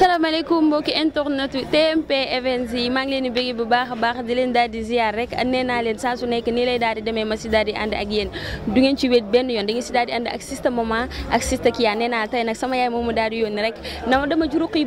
salaamaaleykum mbokki internet TMP Events i maa ngi leen di bu baax a baax di leen daal di ziar rek nee naa leen saa su nekk nii lay daal di demee ma si daal di ànd ak yéen du ngeen ci wéet benn yoon da ngeen si daal di ànd ak sista maman ak sista Kia nee naa tey nag sama yaay moomu daal di yónni rek na ma dama ci ruq yu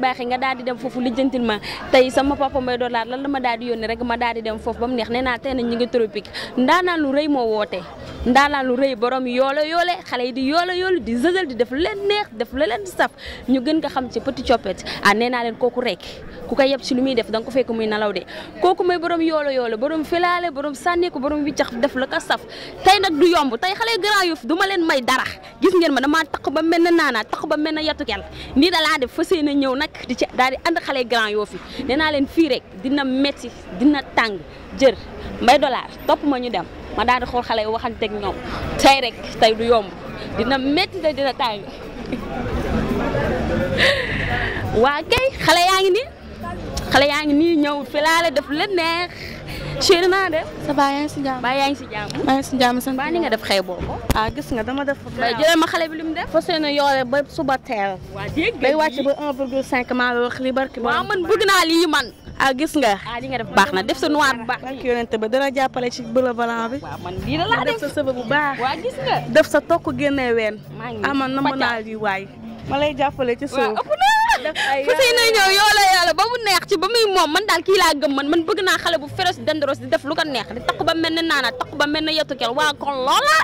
di dem foofu lijjantil ma tey sama papa mbay doolaat lan la ma daal di yónni rek ma daal di dem foofu ba mu neex nee naa tey nag ñu ngi tropique ndaanaan lu rëy moo woote ndaanaan lu rëy borom yoolo yoole xale yi di yoolo yoolu di di def leen neex def la leen saf gën ko xam ci petit coppet ah nee naa leen kooku rek ku ko yeb si lu muy def da ko fekk muy nelaw de kooku mooy borom yoolo yoolo borom filaale borom sànneeku borom wiccax def la ko saf tey nag du yomb tey xale Grand Yoff du leen may dara gis ngeen ma damaa taq ba mel na naanaa taq ba mel na yatukel nii da def fas yéene ñëw nag di ci daal di ànd xale Grand Yoff yi nee fii rek dina metti dina tàng jër mbay dollar topp ma ñu dem ma daal di xool xale yi waxanteeg ñoom tey rek tey du yomb dina metti te dina tàng waa kay xale yaa ngi nii xale yaa ngi nii ñëw fi la def lu neex chéri naa def. ça va yaa ngi si jàmm baa yaa ngi si jàmm. yaa ngi si jàmm sant baa ni nga def xëy boobu. a ah, gis nga dama def. waaw ma xale bi lu mu def. fas yéene yoore ba suba teel. waa dégg day wàcc ba 1,5 maa wax li barki. waaw man bëgg naa lii man. ah gis nga. ah li nga def baax na def sa noir bu baax. ak yonente ba dana jàppale ci bële valant bi. waaw man lii def sa sëb bu baax. waa def sa tokk génnee ween. maa ngi man na mën naa lii waay. ma lay jàppale ci suuf. fu si na ñëw yoo la yàlla ba mu neex ci ba muy moom man daal kii laa gëm man man bëgg naa xale bu féroce dandaros di def lu ko neex di takk ba mel ne naana takk ba mel ne yetu kel waa kon loola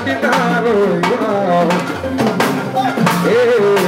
Martinaro, wow. Hey.